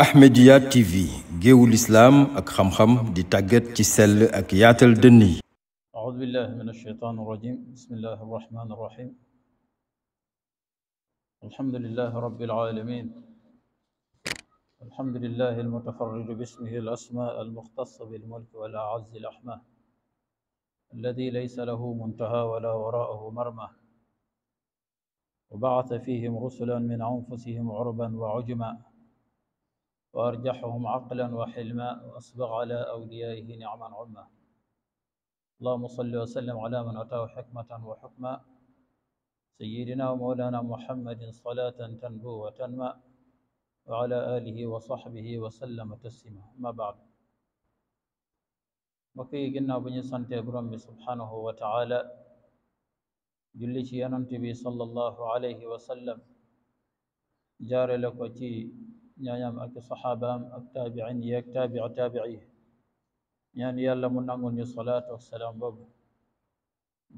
Ahmedia TV géewu lislaam ak xam-xam di tàggat ci sell ak yaatal dënn yi أعوذ بالله من الشيطان الرجيم بسم الله الرحمن الرحيم الحمد لله رب العالمين الحمد لله المتفرج باسمه الأسماء المختص بالملك والأعز الأحمى الذي ليس له منتهى ولا وراءه مرمى وبعث فيهم رسلا من أنفسهم عربا وعجما وأرجحهم عقلا وحلما وأسبغ على أوليائه نعما عما اللهم صل وسلم على من أتاه حكمة وحكما سيدنا ومولانا محمد صلاة تنبو وتنمى وعلى آله وصحبه وسلم تسليما ما بعد مكي قلنا بني سنتي برمي سبحانه وتعالى جلتي أننت بي صلى الله عليه وسلم جار لك يا يا مالك صحابة التابعين يا تابع تابعيه يعني يلا من نقول الصلاة والسلام باب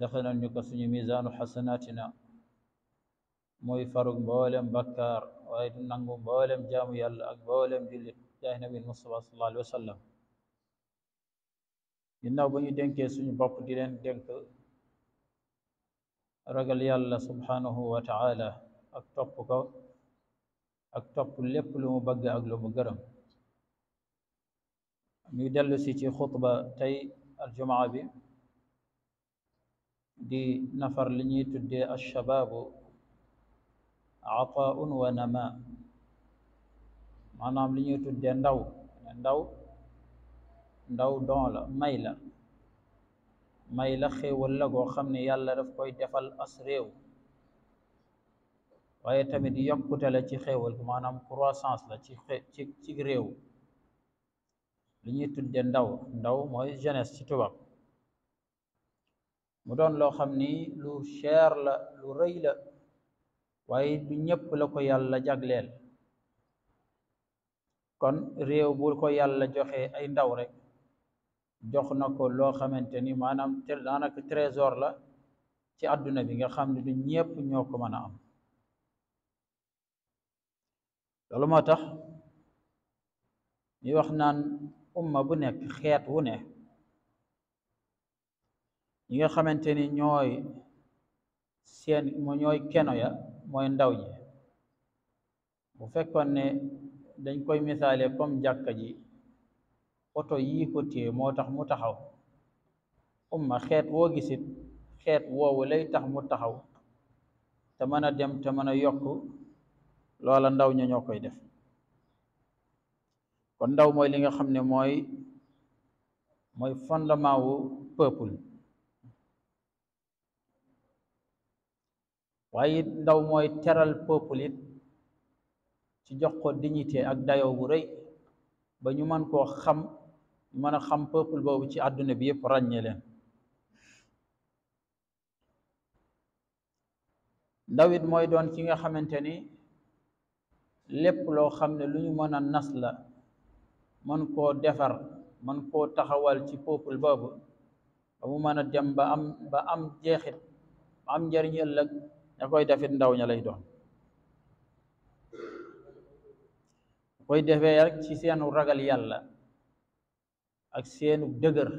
دخلنا نقصن ميزان حسناتنا موي فرق بولم بكر وايد نقول بولم جام يلا بولم جل يا نبي المصطفى صلى الله عليه وسلم ينا بني دينك سن باب دين دينك رجل يلا سبحانه وتعالى أكتبكم ak topp lépp lumu mu bëgg ak lu mu gërëm ñuy dellu si ci xutba tey aljumaa bi di nafar li ñuy tuddee alshabaabu ataaun wa nama maanaam li ñuy tuddee ndaw ndaw ndaw don la may la may la xéewal la goo xam ne yàlla daf koy defal as réew waaye tamit yokkute la ci xéewal maanaam croissance la ci ci ci réew li ñuy tudde ndaw ndaw mooy jeunesse ci tubaab mu doon loo xam ni lu cher la lu rëy la waaye du ñëpp la ko yàlla jagleel kon réew bu ko yàlla joxe ay ndaw rek jox na ko loo xamante ni maanaam daanaka trésor la ci àdduna bi nga xam ne du ñëpp ñoo ko mën a am loolu moo tax ñuy wax naan umma bu nekk xeet wu ne ñi nga xamante ni ñooy seen ñooy keno ya mooy ndaw ñi bu fekkoon ne dañ koy misaale comme jàkka ji oto yii ko moo tax mu taxaw umma xeet woo gisit xeet woowu lay tax mu taxaw te mën a dem te mën a yokk loola ndaw ña ñoo koy def kon ndaw mooy li nga xam ne mooy mooy fondement wu peuple waaye it ndaw mooy teral peuple it ci jox ko dignité ak dayo bu rëy ba ñu mën koo xam ñu mën a xam peuple boobu ci àdduna bi yëpp ràññee leen ndaw it mooy doon ki nga xamante ni lépp loo xam ne lu ñu mën a nas la mën koo defar mën koo taxawal ci peuple boobu ba mu mën a dem ba am ba am jeexit ba am njariñ ëllëg ña koy defit ndaw ña lay doon koy defee rek ci seenu ragal yàlla ak seenu dëgër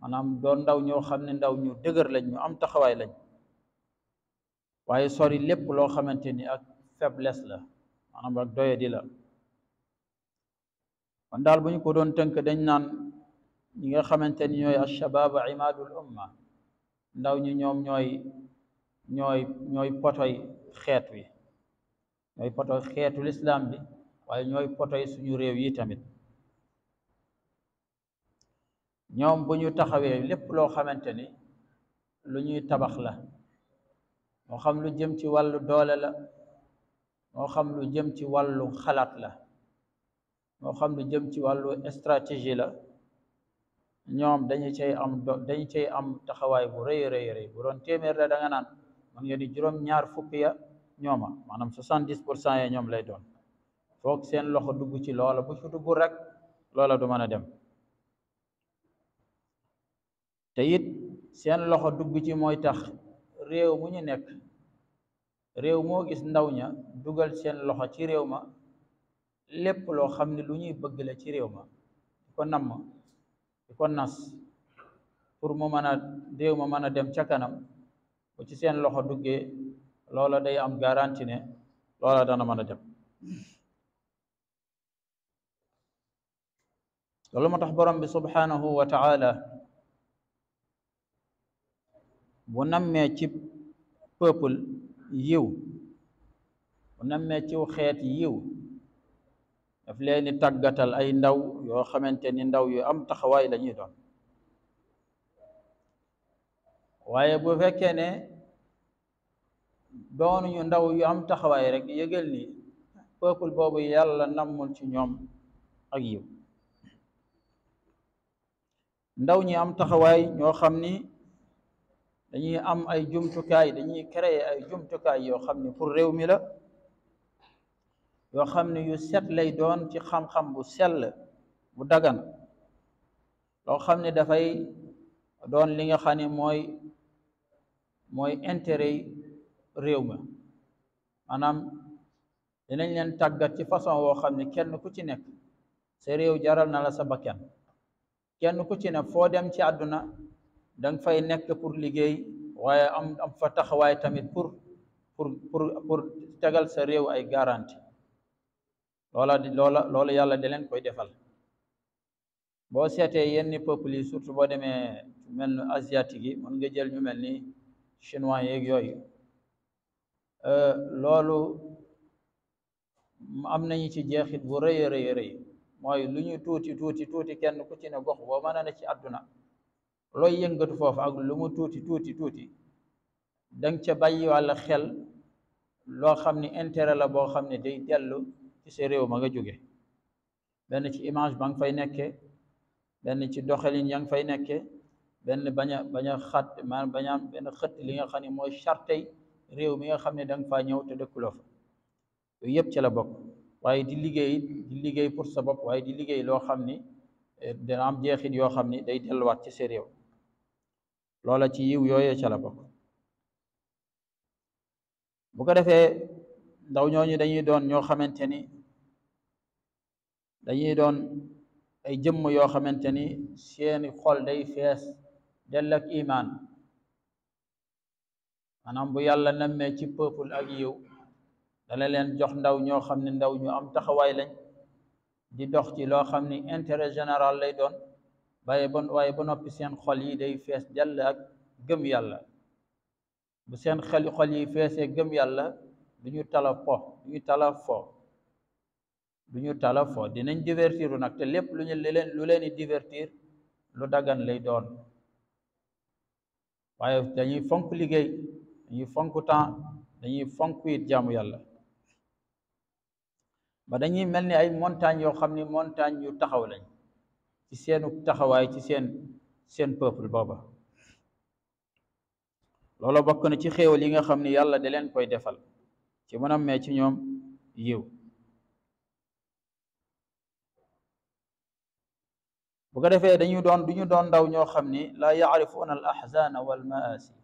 maanaam doon ndaw ñoo xam ne ndaw ñu dëgër lañ ñu am taxawaay lañ waaye sori lépp loo xamante ni faiblesse la maanaam ak doyadi la kon daal bu ñu ko doon tënk dañ naan ñi nga xamante ni ñooy ashabaaba imaadul umma ndaw ñi ñoom ñooy ñooy ñooy potoy xeet wi ñooy potoy xeetu lislaam bi waaye ñooy potoy suñu réew yi tamit ñoom bu ñu taxawee lépp loo xamante ni lu ñuy tabax la moo xam lu jëm ci wàllu doole la moo xam lu jëm ci wàllu xalaat la moo xam lu jëm ci wàllu stratégie la ñoom dañu cay am dañu cay am taxawaay bu rëy rëy bu doon téeméer la da naan man nga ni juróom ñaar fukk ya ñooma maanaam soixante dix pour cent ya ñoom lay doon foog seen loxo dugg ci loola bu ci dugg rek loola du mën a dem te it seen loxo dugg ci mooy tax réew mu ñu nekk réew moo gis ndaw ña dugal seen loxo ci réew ma lépp loo xam ne lu ñuy bëgg la ci réew ma di ko namm di ko nas pour mu mën a réew ma mën a dem ca kanam bu ci seen loxo duggee loola day am garanti ne loola dana mën a dem loolu moo tax borom bi subhanahu wa taala bu nammee ci peuple yiw bu nammee ciw xeet yiw daf leen di tàggatal ay ndaw yoo xamante ni ndaw yu am taxawaay lañuy doon waaye bu fekkee ne doonuñu ndaw yu am taxawaay rek yëgal ni peuple boobu yàlla nammul ci ñoom ak yiw ndaw ñi am taxawaay ñoo xam ni dañuy am ay jumtukaay dañuy créer ay jumtukaay yoo xam ne pour réew mi la yoo xam ne yu set lay doon ci xam-xam bu sell bu dagan loo xam ne dafay doon li nga xam ne mooy mooy intérêt yi réew ma maanaam dinañ leen tàggat ci façon woo xam ne kenn ku ci nekk sa réew jaral na la sa bakkan kenn ku ci ne foo dem ci àdduna da nga fay nekk pour liggéey waaye am am fa taxawaay tamit pour pour pour pour tegal sa réew ay garanti loola di loola loolu yàlla da leen koy defal boo seetee yenn peuples yi surtout boo demee mel ni asiatique yi mën nga jël ñu mel ni chinois yeeg yooyu euh, loolu am nañu ci jeexit bu rëy rëy rëy mooy lu ñu tuuti tuuti tuuti kenn ku ci ne gox boo mën a ci àdduna loy yëngatu fofu ak lu mu tuuti tuuti tuuti dang ca bàyyi wala xel lo xamni intérêt la bo xamni day delu ci sa réew ma nga jóge ben ci image bang fay nekke ben ci doxalin yang fay nekke ben baña baña xat man baña ben am xët li nga xamni moy mooy chartey réew mi nga xamni dang fa ñëw te dekk lo fa yooyu yëpp ci la bok waye di liggéey di liggéey pour sa bop waye di liggéey lo xamni ni am jeexit yo xamni day delu wat ci sa réew loola ci yiw yooyee ca la bokk bu ko defee ndaw ñooñu dañuy doon ñoo xamante ni dañuy doon ay jëmm yoo xamante ni seeni xol day fees dell ak imaan maanaam bu yàlla nammee ci peuple ak yiw dana leen jox ndaw ñoo xam ne ndaw ñu am taxawaay lañ di dox ci loo xam ni intérêt général lay doon waaye ba waaye ba noppi seen xol yi day fees dell ak gëm yàlla bu seen xeli xol yi feesee gëm yàlla du ñu tala po du ñu tala fo ñu tala dinañ divertiru nag te lépp lu ñu leen lu leen di divertir lu daggan lay doon waaye dañuy fonk liggéey dañuy fonk temps dañuy fonk it yàlla ba dañuy mel ni ay montagne yoo xam ni montagne yu taxaw lañ ci seenu taxawaay ci seen seen peuple booba loolu bokk na ci xéewal yi nga xam ni yàlla da leen koy defal ci mën a mee ci ñoom yiw bu ko defee dañu doon du doon ndaw ñoo xam ni laa yaarifuuna al ahzana wal maasi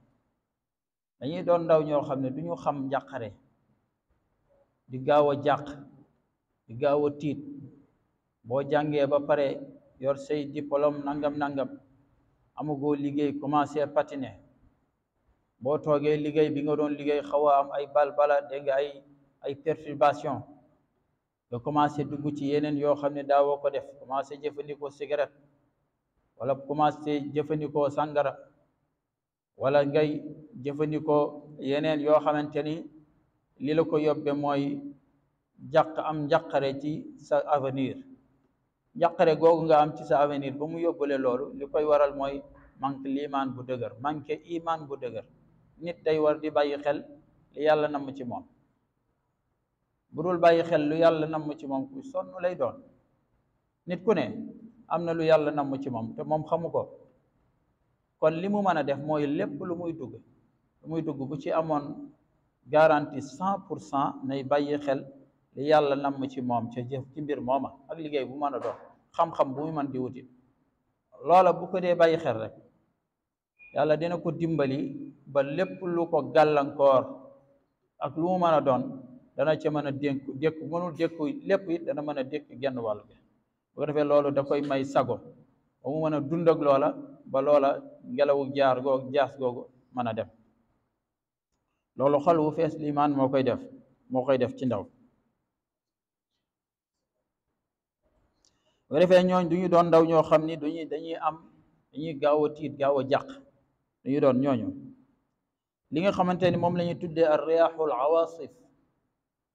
dañuy doon ndaw ñoo xam ne du xam njàqare di gaaw a jàq di gaaw a tiit boo jàngee ba pare yor sey diplôme nangam nangam amugoo liggéey commencé patiné boo toogee liggéey bi nga doon liggéey xaw am ay balbala dégg nga ay ay perturbation nga commencé dugg ci yeneen yoo xam ne daawoo ko def commencé jëfandikoo cigarette wala commencé jëfandikoo sangara wala ngay jëfandikoo yeneen yoo xamante ni li la ko yóbbee mooy jàq am njàqare ci sa avenir njàqare googu nga am ci sa avenir ba mu yóbbalee loolu li koy waral mooy manque liimaan bu dëgër manque imaan bu dëgër nit day war di bàyyi xel li yàlla namm ci moom bu dul bàyyi xel lu yàlla namm ci moom ku sonn lay doon nit ku ne am na lu yàlla namm ci moom te moom xamu ko kon li mu mën a def mooy lépp lu muy dugg lu muy dugg bu ci amoon garanti cent pour cent nay bàyyi xel li yàlla namm ci moom ca jëf ci mbir mooma ak liggéey bu mën a doon xam-xam bu muy mën di wuti loola bu ko dee bàyyi xel rek yàlla dina ko dimbali ba lépp lu ko gàllankoor ak lu mu mën a doon dana ca mën a dénk dékku mënul dékku lépp it dana mën a dékku genn wàll bi bu defee loolu da koy may sago ba mu mën a dund ak loola ba loola ngelawu jaar googu jaas googu mën a dem loolu xol wu fees limaan moo koy def moo koy def ci ndaw bu defee ñooñ du ñu doon ndaw ñoo xam ni duñu dañuy am dañuy gaaw tiit gaaw a jàq duñu doon ñooñu li nga xamante ni moom la ñuy tuddee ar riyaxul awasif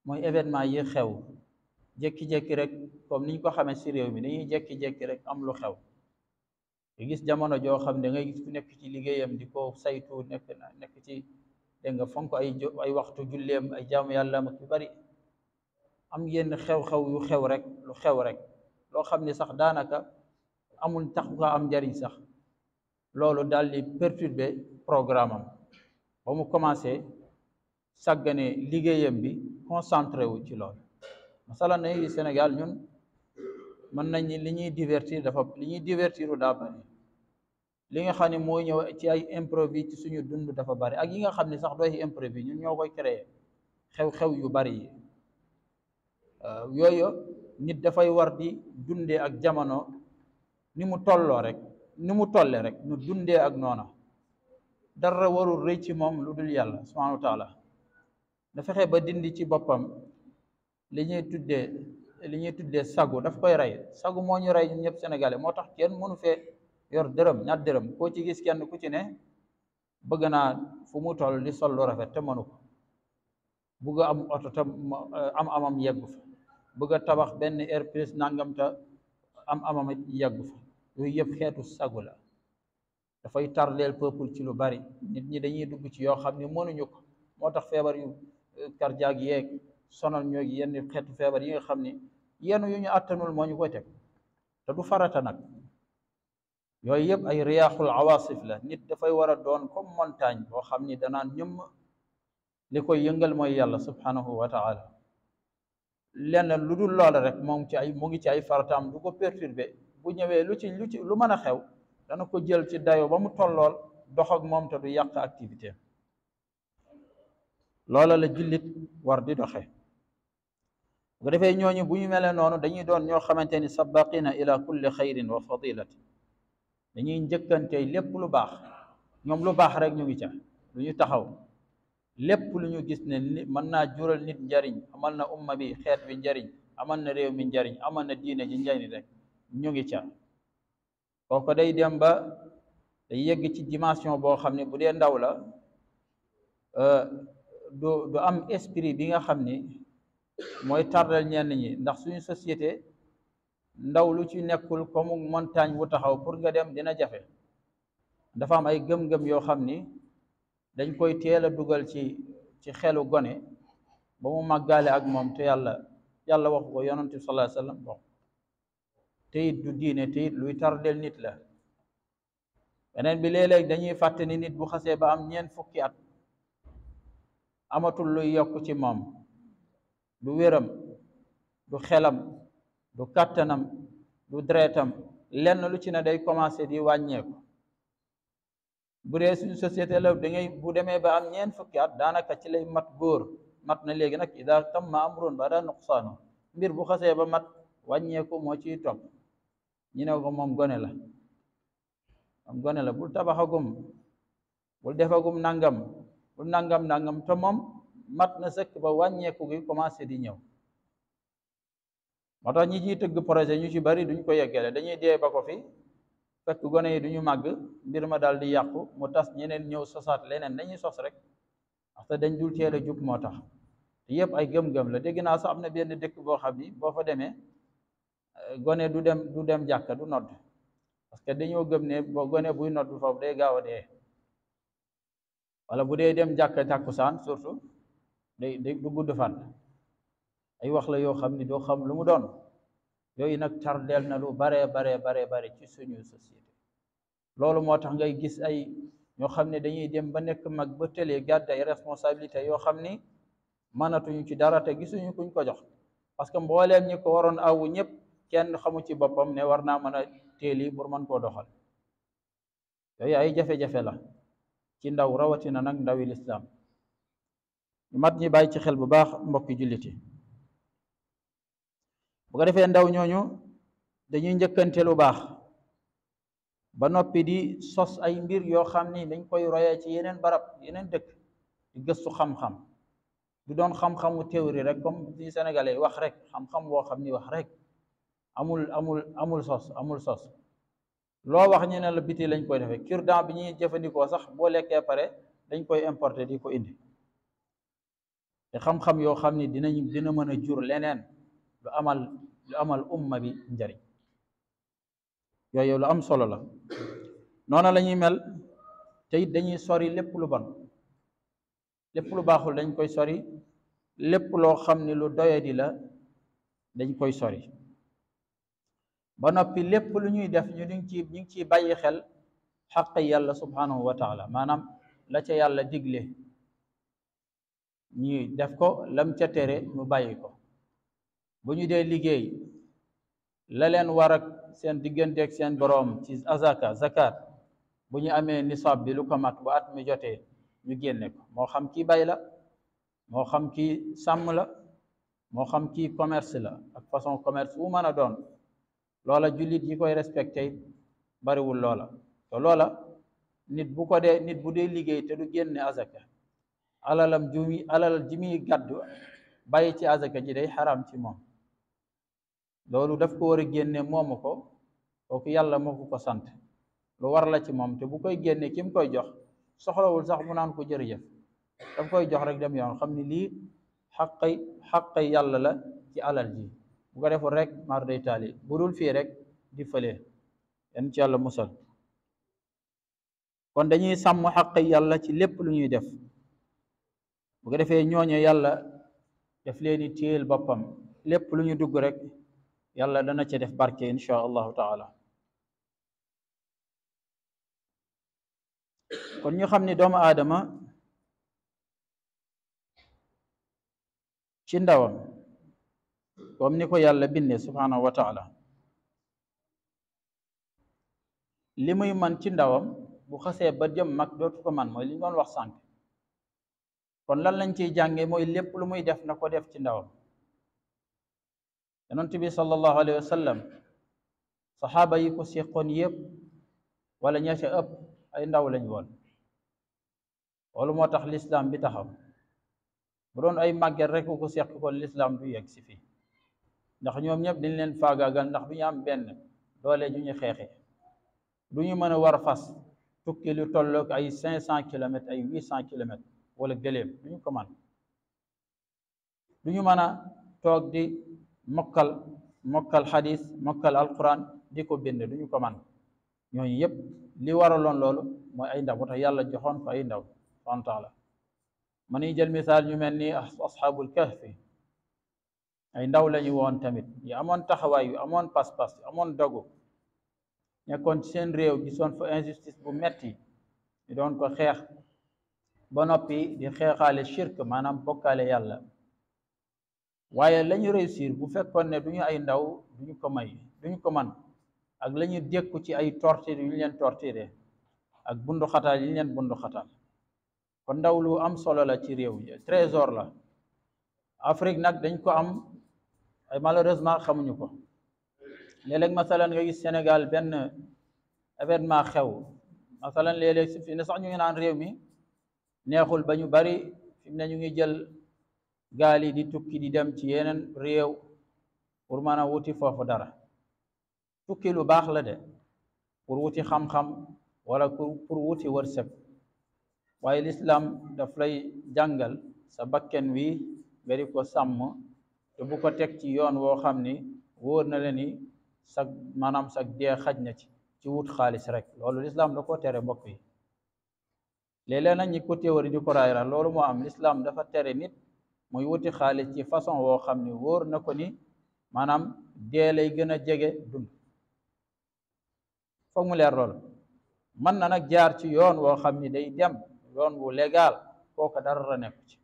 mooy événement yi xew jékki-jékki rek comme niñ ko xamee si réew mi dañuy jékki-jékki rek am lu xew nga gis jamono joo xam da ngay gis nekk ci liggéeyam di ko saytu nekk nekk ci dégg nga fonk ay ay waxtu julleem ay jaamu yàlla ak yu bari am yenn xew-xew xew rek lu xew rek loo xam ne sax daanaka amul tax ko am njariñ sax loolu daal di perturber programme am ba mu commencé sàggane liggéeyam bi concentré wu ci lool masalan na ngi Sénégal ñun mën nañ li ñuy divertir dafa li ñuy divertiru daa bari li nga xam ne mooy ñëw ci ay imprévu ci suñu dund dafa bari ak yi nga xam ne sax dooy imprévu ñun ñoo koy créer xew-xew yu bari yi euh, yooyu nit dafay war di dundee ak jamono ni mu tolloo rek ni mu tollee rek nu dundee ak noona dara warul rëy ci moom lu dul yàlla subhanahu wa taala da ba dindi ci boppam li ñuy tuddee li ñuy tuddee sagu dafa koy rey sagu moo ñu rey ñun ñëpp sénégalais moo tax kenn mënu fee yor dërëm ñaar dërëm koo ci gis kenn ku ci ne bëgg naa fu mu toll di sol lu rafet te mënu ko bugg am oto te am amam yeggu bëgg a tabax benn air plus nangam ta am amam yàggu fa yooyu yëpp xeetu sagu la dafay tardeel peuple ci lu bari nit ñi dañuy dugg ci yoo xam ne mënuñu ko moo tax feebar yu cardiaque yeeg sonal ñoo yenn xeetu feebar yi nga xam ne yenn yu ñu àttanul moo ñu koy teg te du farata nag yooyu yëpp ay riyaaxul awaasif la nit dafay war a doon comme montagne boo xam ni danaan ñëmm li koy yëngal mooy yàlla subhanahu wa taala lenn lu dul loola rek moom ci ay mo ngi ci ay faratam du ko perturber bu ñewé lu ci lu ci lu mëna xew da na ko jël ci dayo ba mu tollol dox ak mom ta du yàq activité loola la jullit war di doxe bu défé defee ñooñu bu ñu mélé nonu dañuy doon ño xamanteni sabaqina ila kulli khairin wa fadilati dañuy njëkkante lépp lu bax ñom lu bax rek ñu ngi ci lu taxaw lépp lu ñu gis ne ni mën naa jural nit njariñ amal na umma bi xeet bi njariñ amal na réew mi njariñ amal na diine ji njariñ rek ñu ngi ca kooku day dem ba day yegg ci dimension boo xam ne bu dee ndaw la euh, du du am esprit bi nga xam ni mooy tardal ñenn ñi ndax suñu société ndaw lu ci nekkul comme montagne bu taxaw pour nga dem dina jafe dafa am ay gëm-gëm yoo xam ni dañ koy teel a dugal ci ci xelu gone ba mu màggaale ak moom te yàlla yàlla waxu ko yonent bi sallallahu alayhi du diine te it luy tardeel nit la beneen bi léeg dañuy fàttani nit bu xasee ba am ñeent fukki at amatul luy yokk ci moom du wéram du xelam du kàttanam du deretam lenn lu ci na day commencé di wàññeeku bu dee suñu société la da ngay bu demee ba am ñeen fukki at daanaka ci lay mat góor mat na léegi nag ida tamma amrun ba daa nuqsaanu mbir bu xasee ba mat wàññeeku moo ci topp ñu ne ko moom gone la moom gone la bul tabaxagum bul defagum nangam bul nangam nangam te moom mat na sëkk ba wàññeeku gi commencé di ñëw moo tax ñi ciy tëgg projet ñu ci bari duñ ko yeggale dañuy dee ba ko fi fekk gone yi du ñu màgg mbir ma daal di yàqu mu tas ñeneen ñëw sosaat leneen dañuy sos rek parce que dañ dul teel a jub moo tax te yëpp ay gëm-gëm la dégg naa sax am na benn dëkk boo xam ni boo fa demee eh, gone du dem du dem jàkka du nodd parce que dañoo gëm ne boo gone buy nodd foofu day gaaw a dee wala bu dee dem jàkka tàkkusaan surtout day day du gudd fan ay wax la yoo xam ni doo xam lu mu doon yooyu nag tardeel na lu baree baree baree bare ci suñu société loolu moo tax ngay gis ay ñoo xam ne dañuy dem ba nekk mag ba télé gàdd ay responsabilité yoo xam ni mënatuñu ci dara te gisuñu kuñ ko jox parce que mbooleem ñi ko waroon awu ñëpp kenn xamu ci boppam ne war naa mën a téeli pour mën koo doxal yooyu ay jafe-jafe la ci ndaw rawatina nag ndawi lislaam mat ñi bàyyi ci xel bu baax mbokki julliti bu ko defee ndaw ñooñu dañuy njëkkante lu baax ba noppi di sos ay mbir yoo xam ni dañ koy royee ci yeneen barab yeneen dëkk di gëstu xam-xam du doon xam-xamu théorie rek comme ci sénégalais wax rek xam-xam woo xam ni wax rek amul amul amul sos amul sos loo wax ñu ne la biti lañ koy defee cure-dent bi ñuy jëfandikoo sax boo lekkee pare dañ koy importer di ko indi te xam-xam yoo xam ni dinañ dina mën a jur leneen lu amal lu amal umma bi njariñ yooyu lu am solo la noona lañuy mel te it dañuy sori lépp lu bon lépp lu baaxul dañ koy sori lépp loo xam ne lu doyadi la dañ koy sori ba noppi lépp lu ñuy def ñu ngi ci ñu ngi ciy bàyyi xel xaq yàlla subhanahu wa taala maanaam la ca yàlla digle ñuy def ko lam ca téere ñu bàyyi ko bu ñu dee liggéey la leen war ak seen digganteeg seen boroom ci azaka zakat bu ñu amee nisaab bi lu ko mat bu at mi jotee ñu génne ko moo xam kii bay la moo xam kii sàmm la moo xam kii commerce la ak façon commerce wu mën a doon loola jullit yi koy respecté bariwul loola te loola nit bu ko dee nit bu dee liggéey te du génne azaka alalam jumi alal ji muy gàddu bàyyi ci azaka ji day xaram ci moom lolou daf ko wara génne moomu ko yàlla moko ko sante sant lu war la ci mom te bu koy génne kim koy jox soxlawul sax mu nan ko jërëjëf daf koy jox rek dem yoon xamni li haqqi haqqi yàlla la ci alal ji bu ko defo rek mar day tali bu dul rek di fële en ci yàlla musal kon dañuy sam haqqi yàlla ci lépp lu ñuy def bu ko defé ñoño yàlla def leni di téyel boppam lépp lu ñu dugg rek yàlla dana ci def barke incha allahu taala kon ñu xam ni doomu aadama ci ndawam comme ni yàlla bindee subhanahu wa taala li muy man ci ndawam bu xasee ba jëm mag dootu ko man mooy li ñu wax sànq kon lan lañ ciy jàngee mooy lépp lu muy def na ko def ci ndawam yonent bi sallallahu alayhi wa sallam saxaaba yi ko seqoon yëpp wala ña ca ëpp ay ndaw lañ woon loolu moo tax lislaam bi taxaw bu doon ay màgget rek ko seq kon lislaam du yegg si fii ndax ñoom ñëpp dañ leen faagaagal ndax du ñu am benn doole ju ñu xeexee du ñu mën a war fas tukki lu tolloog ay cinq cent kilomètres ay huit cent kilomètres wala gëléem du ñu ko man du ñu mën a toog di mokkal mokkal xadis mokkal alquran di ko bind du ñu ko man ñooñu yëpp li waraloon loolu mooy ay ndaw moo tax yàlla joxoon ko ay ndaw subhanahu taala ma niy jël misaal ñu mel ni asxaabul kahfi ay ndaw lañu woon tamit yu amoon taxawaay yu amoon pas-pas yu amoon dogu nekkoon ci seen réew gisoon fa injustice bu metti ñu doon ko xeex ba noppi di xeexaale shirk maanaam bokkaale yàlla waaye lañu réussir bu fekkoon ne du ñu ay ndaw duñu ko may duñu ko man ak la ñu dékku ci ay torture yu ñu leen torturé ak bunduxataal yu ñu leen bunduxataal kon ndaw lu am solo la ci réew mi trésor la Afrique nag dañ ko am ay malheureusement xamuñu ko léeg-léeg masalan nga gis Sénégal benn événement xew masalan léeg-léeg su sax ñu ngi naan réew mi neexul ba ñu bari fi ñu ngi jël gaal yi di tukki di dem ci yeneen réew pour mën a wuti foofu dara tukki lu baax la de pour wuti xam-xam wala pour wuti wërsëg waaye lislaam daf lay jàngal sa bakken wi nga di ko sàmm te bu ko teg ci yoon woo xam ni wóor na la ni sag maanaam sag dee xaj na ci ci wut xaalis rek loolu lislaam da ko tere mbokk yi léeg-léeg nag ñi ko téewari di loolu moo am lislaam dafa tere nit muy wuti xaalis ci façon woo xam ni wóor na ko ni maanaam dee lay gën a jege dund foog mu leer lool mën na nag jaar ci yoon woo xam ni day dem yoon wu légal kooka dara nekk ci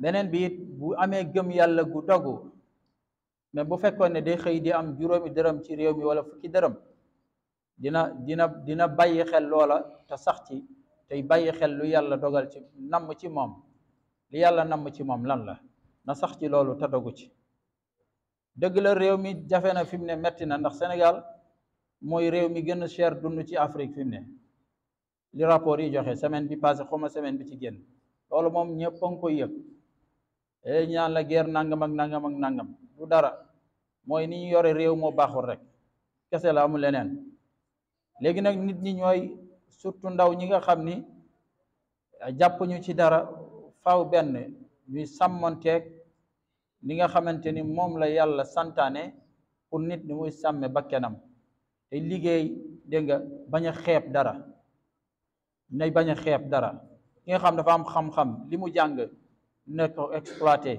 beneen bi it bu amee gëm yàlla gu dogu mais bu fekkoon ne day xëy di am juróomi dërëm ci réew mi wala fukki dërëm dina dina dina bàyyi xel loola te sax ci tey bàyyi xel lu yàlla dogal ci namm ci moom yàlla namm ci moom lan la na sax ci loolu te dogu ci dëgg la réew mi jafe na fi mu ne metti na ndax Sénégal mooy réew mi gën a cher dund ci Afrique fim ne li rapport yi joxe semaine bi passé xuma semaine bi ci génn loolu moom ñëpp a ngi yëg e ñaan la guerre nangam ak nangam ak nangam du dara mooy ni yore réew moo baaxul rek kese la amul leneen léegi nag nit ñi ñooy surtout ndaw ñi nga xam ni jàpp ñu ci dara faw benn ñuy sàmmonteeg li nga xamante ni moom la yàlla santaane pour nit ni muy sàmme kenam te liggéey dégg nga bañ a xeeb dara nay bañ a xeeb dara ki nga xam dafa am xam-xam li mu jàng na ko exploité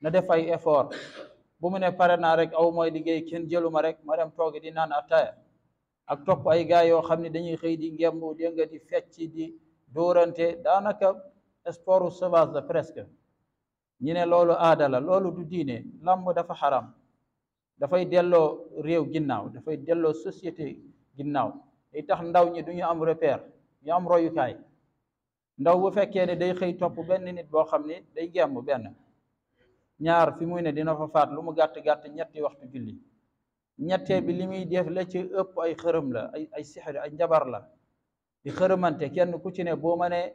na def ay effort bu mu ne pare naa rek aw mooy liggéey kenn jëluma rek ma dem toogi di naan attaya ak topp ay gaay yoo xam ne dañuy xëy di ngemb dégg di fecc di dóorante daanaka sportu sauvage la presque ñu ne loolu aada la loolu du diine làmb dafa xaram dafay delloo réew ginnaaw dafay delloo société ginnaaw day tax ndaw ñi du ñu am repère ñu am royukaay ndaw bu fekkee ne day xëy topp benn nit boo xam ne day gemb benn ñaar fi muy ne dina fa faat lu mu gàtt-gàtt ñetti waxtu julli ñettee bi li muy def la ci ëpp ay xërëm la ay ay sixir ay njabar la di xërëmante kenn ku ci ne boo mënee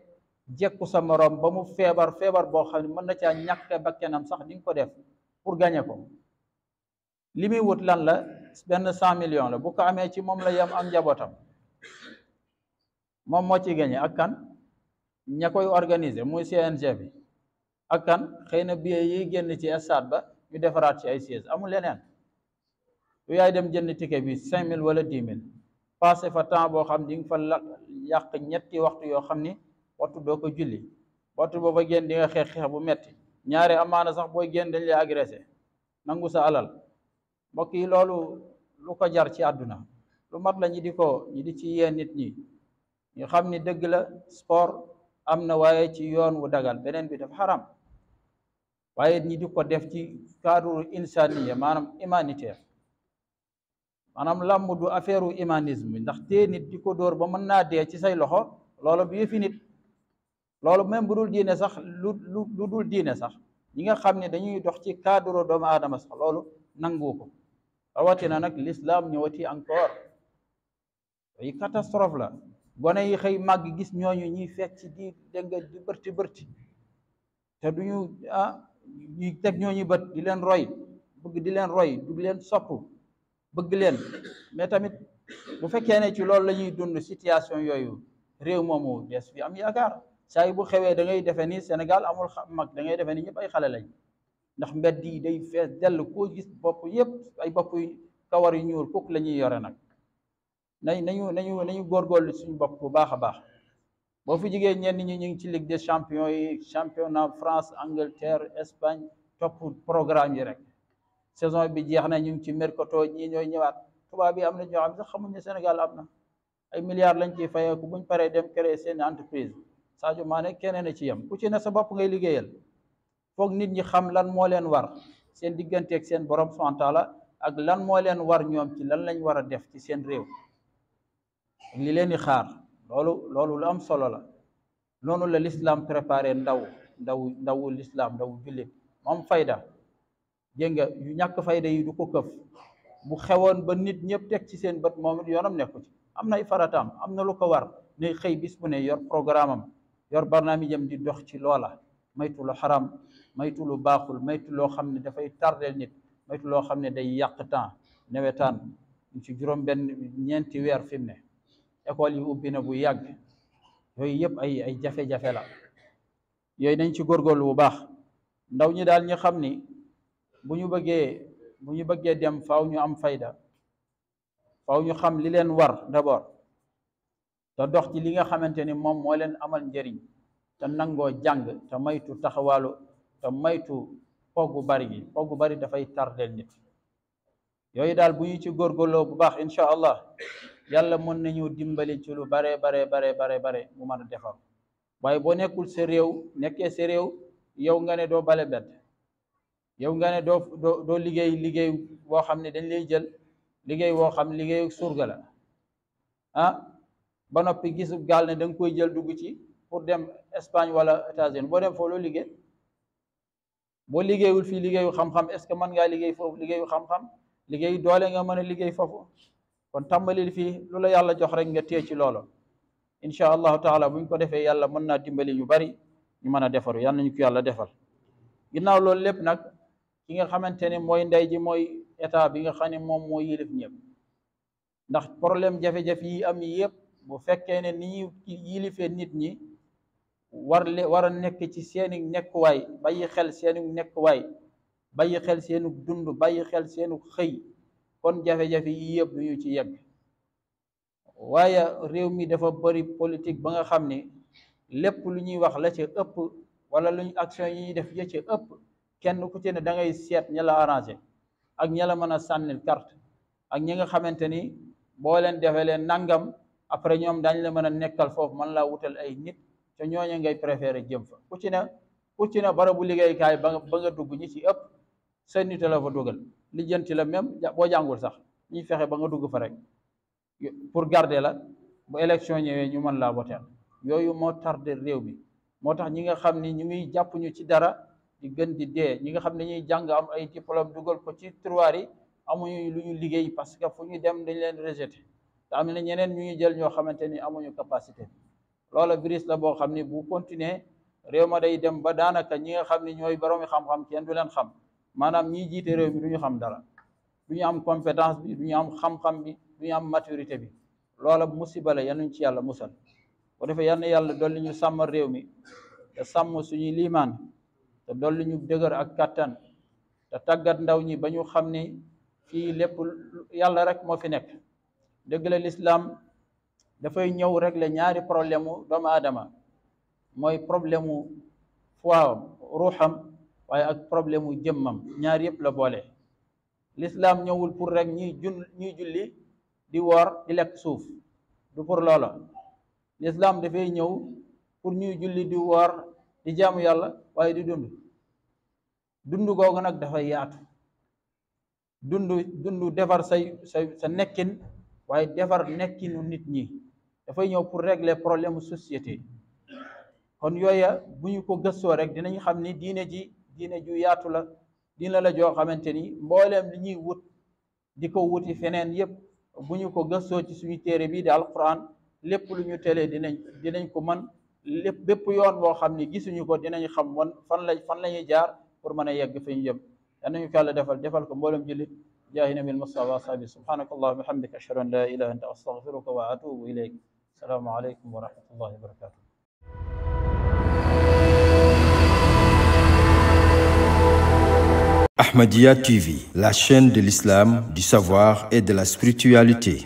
jekku sa moroom ba mu feebar feebar boo xam ne mën na caa ñàkk bakkanam sax di nga ko def pour gagné ko li muy wut lan la benn cent million la bu ko amee ci moom la yem am njabootam moom moo ci gagné ak kan ña koy organiser muy CNG bi ak kan xëy na billet yi génn ci stade ba ñu defaraat ci ay siège amul leneen yaay dem jënd ticket bi cinq mille wala dix mille passé fa temps boo xam di nga fa la yàq ñetti waxtu yoo xam ni watu doo ko julli wattu booba génn di nga xeex xeex bu metti ñaari amana sax booy génn dañ lay agressé nangu sa alal mbokk yi loolu lu ko jar ci aduna lu mat la di ko ñi di ci yeen nit ñi ñu ni la sport am waye ci yoon wu dagal beneen bi dafa xaram waaye ñi di ko def ci cadre insaniya maanaam humanitaire manam làmb du affaire humanisme ndax nit di ko ba mën naa dee ci say loxo Lo bu yëfi nit loolu même bu dul diine sax lu lu dul diine sax ñi nga xam ne dañuy dox ci cadre doomu aadama sax loolu nangu ko rawatina nag l'islam ñëwati encore ay catastrophe la gone yi xëy màgg gis ñooñu ñuy ci di dégg di bërti bërti te duñu ah ñuy teg ñooñu bët di leen roy bëgg di leen roy du leen sopp bëgg leen mais tamit bu fekkee ne ci loolu lañuy ñuy dund situation yooyu réew moomu des fi am yaakaar saa yi bu xewee da ngay defee ni Sénégal amul mag da ngay defee ni ñëpp ay xale lañ ndax mbedd yi day fees dell koo gis bopp yëpp ay bopp kawar yu ñuul kooku la ñuy yore nag nañ nañu nañu nañu góorgóorlu suñu bopp bu baax a baax boo fi jigéen ñenn ñi ñu ngi ci Ligue des champions yi championnat France Angleterre Espagne topp programme yi rek saison bi jeex na ñu ngi ci mercato ñii ñooy ñëwaat tubaab yi am na ñoo xam sax xamuñ ne Sénégal am na ay milliards lañ ciy fayeeku buñ paree dem créer seen entreprise Sadio Mané keneen a ci yem ku ci ne sa bopp ngay liggéeyal foog nit ñi xam lan moo leen war seen digganteek seen borom subhaanahu wa ak lan moo leen war ñoom ci lan lañ war a def ci seen réew li leen di xaar loolu loolu lu am solo la noonu la l'islam préparé ndaw ndaw ndawu l'islam ndawu jullit moom fayda dégg nga yu ñàkk fayda yi du ko këf bu xewoon ba nit ñëpp teg ci seen bët moom it yoonam nekku ci am na ay farataam am na lu ko war ne xëy bis bu ne yor programme yor barnaamijam di dox ci loola maytu lu xaram maytu lu baaxul maytu loo xam ne dafay tardeel nit maytu loo xam ne day yàq temps nawetaan ci juróom benn ñeenti weer fi ne école yu ubbi na bu yàgg yooyu yëpp ay ay jafe-jafe la yooyu nañ ci góorgóorlu wu baax ndaw ñi daal ñu xam ni bu ñu bëggee bu ñu bëggee dem faw ñu am fayda faaw ñu xam li leen war d'abord te dox ci li nga xamante ni moom moo leen amal njariñ te nangoo jàng te maytu taxawaalu te maytu poggu bari gi poggu bari dafay tardeel nit yooyu daal bu ñu ci góorgóorloo bu baax incha allah yàlla mën nañu dimbali ci lu bare bare bare bare bare mu mën a defar waaye boo nekkul sa réew nekkee sa réew yow nga ne doo bale bet yow nga ne doo liggéey liggéey boo xam ne dañ lay jël liggéey woo xam liggéeyu surga la ah, ba noppi gis gaal ne da nga koy jël dugg ci pour dem Espagne wala États-Unis boo dem foofu loo liggéey boo liggéeyul fii liggéeyu xam-xam est ce que man ngaa liggéey foofu liggéeyu xam-xam doole nga mën a liggéey foofu kon tàmbalil fii loolo yàlla jox rek nga téye ci loolo incha allahu taala buñ ko defee yàlla mën naa dimbali ñu bari ñu mën a defaru yàlla nañu ko yàlla defal ginnaaw loolu lépp nag ki nga xamante ne mooy ndey ji mooy état bi nga xam ne moom moo yilif ñëpp problème jafe yi am yëpp bu fekkee ne ni ñuy yilifee nit ñi war le war a nekk ci seeni nekkuwaay bàyyi xel seeni nekkuwaay bàyyi xel seenu dund bàyyi xel seenu xëy kon jafe-jafe yi yëpp du ñu ci yegg waaye réew mi dafa bëri politique ba nga xam ne lépp lu ñuy wax la ca ëpp wala luñ action yi ñuy def ya ca ëpp kenn ku ci ne da seet ña la arrangé ak ña la mën a sànnil carte ak ñi nga xamante ni boo leen defee leen nangam après ñoom daañ la mën a nekkal foofu man laa wutal ay nit te ñooñu ngay préféré jëm fa ku ci ne ku ci ne barabu liggéeykaay ba ba nga dugg ñi ci ëpp sa nit la fa dugal lijjanti la même boo jàngul sax ñuy fexe ba nga dugg fa rek pour garder la bu élection ñëwee ñu mën laa woteel yooyu moo tardé réew mi moo tax ñi nga xam ni ñu ngi jàpp ñu ci dara di gën di dee ñi nga xam ne ñuy jàng am ay diplôme dugal ko ci tiroir yi amuñu lu ñu liggéey parce que fu ñu dem dañ leen rejeté te am na ñeneen ñu ñu jël ñoo xamante ni amuñu capacité loola virus la boo xam ni bu continuer réew ma day dem ba daanaka ñi nga xam ni ñooy boroomi xam-xam kenn du leen xam maanaam ñiy jiite réew mi du ñu xam dara du ñu am compétence bi du ñu am xam-xam bi du ñu am maturité bi loola mu musiba la yanuñ ci yàlla musal bu defee yal na yàlla dolli ñu sàmmal réew mi te sàmm suñuy liimaan te dolli ñu dëgër ak kàttan te tàggat ndaw ñi ba ñu xam ni fii lépp yàlla rek moo fi nekk dëgg lislaam dafay ñëw régler ñaari problème doomu aadama mooy problème mu foiam ruuxam waaye ak problème mu jëmmam ñaar yëpp la boole lislaam ñëwul pour rekk ñuy jul ñuy julli di woor di lekk suuf du pour loola lislaam dafay ñëw pour ñuy julli di woor di jaamu yàlla waaye di dund dund googu nag dafay yaatu dund dund defar say say sa nekkin waaye defar nekkinu nit ñi dafay ñëw pour régler problème société kon yooya bu ñu ko gëstoo rek dinañ xam ni diine ji diine ju yaatu la dina la joo xamante ni mbooleem di ñuy wut di ko wuti feneen yépp bu ñu ko gëstoo ci suñu téere bii di alquran lépp lu ñu telee dinañ dinañ ko mën lépp bépp yoon boo xam ni gisuñu ko dinañ xam wan fan la fan la ñuy jaar pour mën a yegg fa ñu jëm yal nañu ko defal defal ko mboolem jullit جاه نبي المصطفى وصحبه سبحانك اللهم وبحمدك أشهد أن لا إله إلا أنت أستغفرك وأتوب إليك السلام عليكم ورحمة الله وبركاته Ahmadiyya TV, la chaîne de l'islam, du savoir et de la spiritualité.